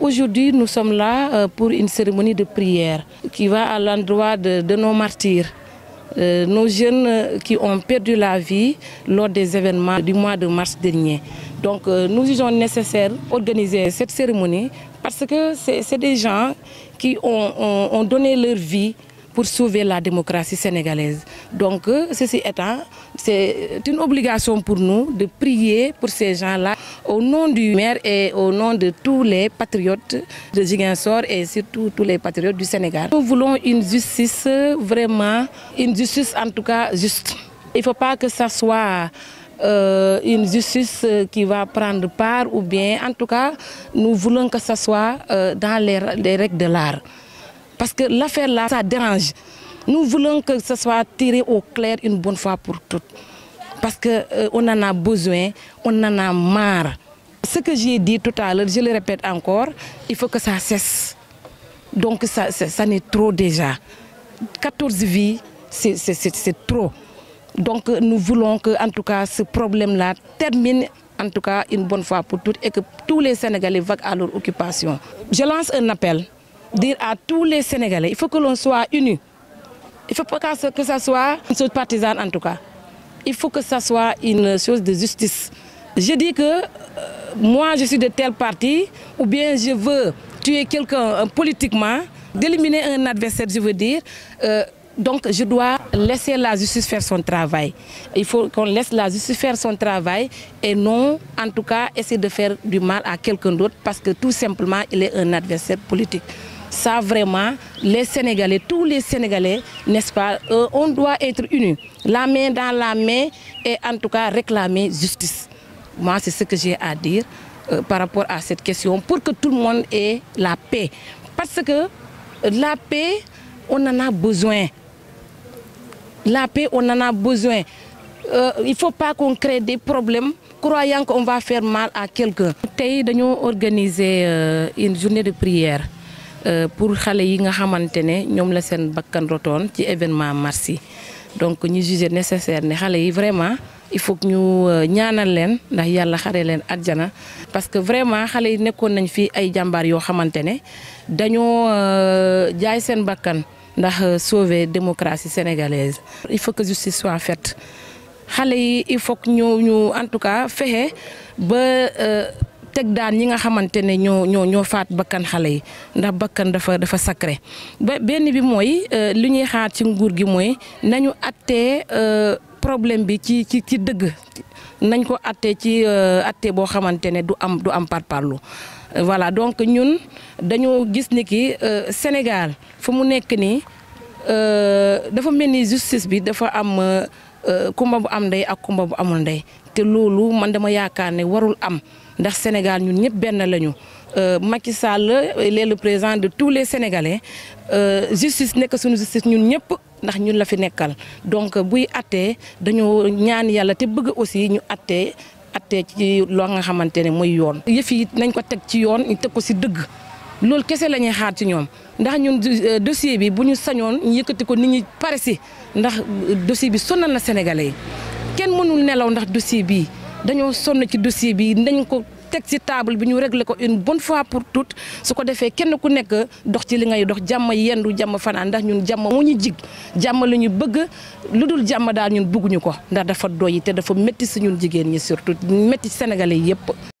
Aujourd'hui, nous sommes là euh, pour une cérémonie de prière qui va à l'endroit de, nos martyrs, euh, nos jeunes euh, qui ont perdu la vie lors des événements du mois de mars dernier. Donc nous avons nécessaire d'organiser cette cérémonie parce que c'est des gens qui ont donné leur vie pour sauver la démocratie sénégalaise. Donc, euh, ceci étant, c'est une obligation pour nous de prier pour ces gens-là au nom du maire et au nom de tous les patriotes de Ziguinchor et surtout tous les patriotes du Sénégal. Nous voulons une justice euh, vraiment, une justice en tout cas juste. Il ne faut pas que ça soit euh, une justice qui va prendre part ou bien, en tout cas, nous voulons que ça soit dans les règles de l'art. Parce que l'affaire là, ça dérange. Nous voulons que ce soit tiré au clair une bonne fois pour toutes. Parce qu'on euh, en a besoin, on en a marre. Ce que j'ai dit tout à l'heure, je le répète encore, il faut que ça cesse. Donc ça, ça, n'est trop déjà. 14 vies, c'est trop. Donc nous voulons que, en tout cas, ce problème-là termine en tout cas une bonne fois pour toutes et que tous les Sénégalais vaguent à leur occupation. Je lance un appel dire à tous les Sénégalais, il faut que l'on soit unis. Il ne faut pas que ce soit une chose partisane en tout cas. Il faut que ça soit une chose de justice. Je dis que euh, moi je suis de tel parti ou bien je veux tuer quelqu'un euh, politiquement, d'éliminer un adversaire je veux dire. Euh, donc je dois laisser la justice faire son travail. Il faut qu'on laisse la justice faire son travail et non, en tout cas, essayer de faire du mal à quelqu'un d'autre parce que tout simplement, il est un adversaire politique. Ça, vraiment, les Sénégalais, tous les Sénégalais, n'est-ce pas, euh, on doit être unis, la main dans la main et en tout cas réclamer justice. Moi, c'est ce que j'ai à dire euh, par rapport à cette question pour que tout le monde ait la paix. Parce que la paix, on en a besoin. La paix, on en a besoin. Euh, il ne faut pas qu'on crée des problèmes croyant qu'on va faire mal à quelqu'un. nous avons une journée de prière. Euh, pour xalé yi nga xamantene ñom la seen bakkan roton ci événement marsi donc ñu jugé nécessaire né xalé yi vraiment il faut que ñu euh, ñaanal leen ndax yalla xaré leen àjjana parce que vraiment xalé yi nekkoon nañ fi ay jambar yo xamantene ne dañoo euh, jaay seen bakkan ndax sauver démocratie sénégalaise. il faut que justice soit faite xalé yi il faut que ñu ñu en tout cas fexé ba teg daan ñi nga xamantene ne ñoo ñoo ñoo faat bakkan xalé yi ndax bakkan dafa dafa sacré benn bi moy euh, li ñuy xaar ci nguur gi moy nañu atté euh, problème bi ci ci ci dëgg nañ ko atté ci euh, atté bo xamantene du am du am par parparlu voilà donc ñun dañu gis ni ki Sénégal fu mu nekk nii dafa melni justice bi dafa am kumba bu am ndey ak kumba bu amul ndey te loolu man dama yaakaar ne warul am ndax Sénégal ñun ñëpp benn lañu euh, Macky Sall il est le président de tous les Sénégalais euh, justice nekk suñu justice ñun ñëpp ndax ñun la fi nekkal donc buy attee dañoo ñaan yàlla te bëgg aussi ñu attee attee ci loo nga xamante ne mooy yoon. yëf nañ ko teg ci yoon ñu teg ko si dëgg loolu kese la ñuy xaar ci ñoom ndax ñun euh, dossier bi bu ñu sañoon ñu yëkkati ko nit ñi pare si ndax dossier bi sonal na Sénégalais yi. kenn mënul nelaw ndax dossier bii dañoo sonn ci dossier bi dañ ko teg ci table bi ñu réglé ko une bonne fois pour tout su ko defee kenn ku nekk dox ci li ngay dox jàmm yendu jàmm fanaan ndax ñun jàmm mu ñu jig jàmm la ñu bëgg lu dul jàmm daal ñun bëgguñu ko ndax dafa doy te dafa métti si ñun jigéen ñi surtout métti Sénégalais yépp